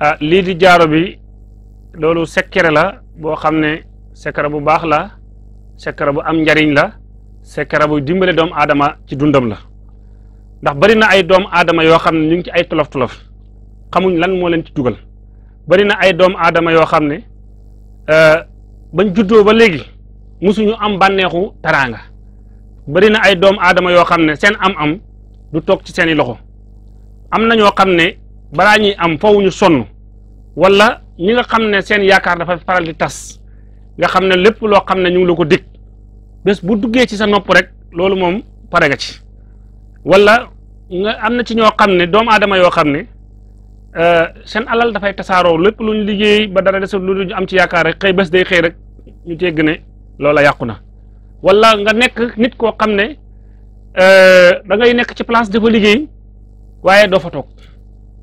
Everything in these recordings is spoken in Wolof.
ah lii di jaaro bi loolu secret la boo xam ne secret bu baax la secret bu am njariñ la secret bu dimbale doomu aadama ci dundam la ndax bari na ay doomu aadama yoo xam ne ñu ngi ci ay tolof xamuñ lan moo leen ci dugal bari na ay doomu aadama yoo xam ne eh, bañ juddoo ba léegi musuñu am bànneexu taraanga bari na ay doomu aadama yoo xam ne seen am-am du toog ci seen seeni loxo am na ñoo xam ne balaa ñuy am faw ñu sonn wala ñi nga xam ne seen yaakaar dafa faral di tas nga xam ne lépp loo xam ne ñu ngi la ko dig bés bu duggee ci sa nopp rek loolu moom pare nga ci wala nga am na ci ñoo xam ne doomu aadama yoo xam ne euh, seen alal dafay tasaaroo lépp lu liggéey ba dara desul lu ñu am ci yaakaar xëy bés day xëy rek ñu tegg ne loola yàqu na wala nga nekk nit koo xam ne euh, da ngay nekk ci place dafa liggéey waaye doo fa toog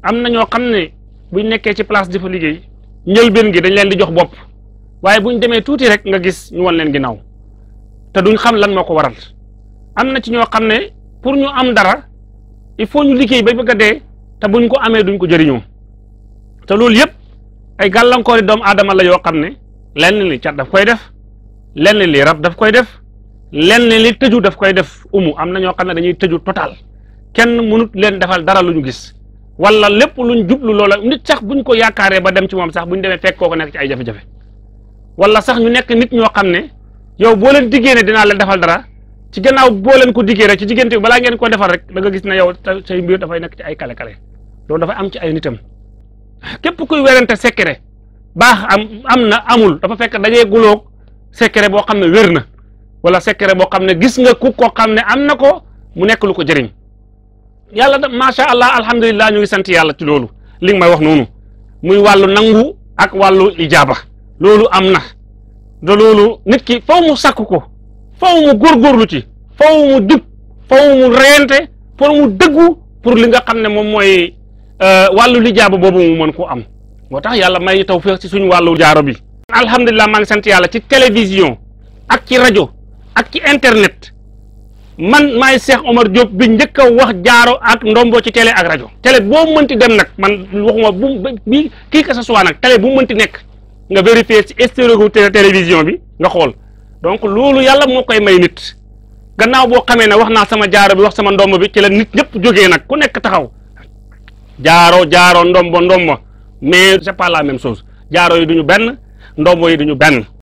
am na ñoo xam ne buñ nekkee ci place di fa liggéey njëlbeen gi dañ leen di jox bopp waaye bu ñu demee tuuti rek nga gis ñu wan leen naw te duñ xam lan moo ko waral am na ci ñoo xam ne pour ñu am dara il faut ñu liggéey ba bëgg dee te buñ ko amee duñ ko jëriñoo te loolu yëpp ay gàllankoori doomu aadama la yoo xam ne lenn li cat daf koy def lenn li rab daf koy def lenn li tëju daf koy def umu am na ñoo xam ne dañuy tëju total kenn mënut leen defal dara lu ñu gis wala lépp lu jublu loola nit sax buñ ko yaakaaree ba dem ci moom sax buñ demee fekk kooku nekk ci ay jafe-jafe wala sax ñu nekk nit ñoo xam ne yow boo leen diggee ne dinaa leen defal dara ci gannaaw boo leen ko diggee rek ci diggante bi balaa ngeen ko defal rek da gis ne yow say mbir dafay nekk ci ay kale-kale loolu dafay am ci ay nitam képp kuy werante secret baax am am na amul dafa fekk dajee guloog secret boo xam ne wér na wala secret boo xam ne gis nga ku ko xam ne am na ko mu nekk lu ko jëriñ yàlla da macha allah alhamdulilah ñu ngi sant yàlla ci loolu li nga may wax noonu muy wàllu nangu ak wàllu ijaaba loolu am na da loolu nit ki faw mu sakk ko faw mu góorgóorlu ci faw mu jub faw mu reyante pour mu dëggu pour li nga xam ne moom mooy euh, wàllu lijaaba boobu mu mën ko am moo tax yàlla may taw féex ci suñu wàllu jaaro bi alhamdulilah maa ngi sant yàlla ci télévision ak ci rajo ak internet man maay Cheikh Omar Diop bi njëkk a wax jaaro ak ndombo ci télé ak rajo télé boo mënti dem nag man waxuma bu bi kii que ce soit nag télé bu mënti nekk nga vérifier ci historique télé télévision bi nga xool donc loolu yàlla moo koy may nit gannaaw boo xamee ne wax naa sama jaaro bi wax sama ndombo bi ci la nit ñëpp jógee nag ku nekk taxaw jaaro jaaro ndombo ndombo mais c'est pas la même chose jaaro yi duñu benn ndombo yi duñu benn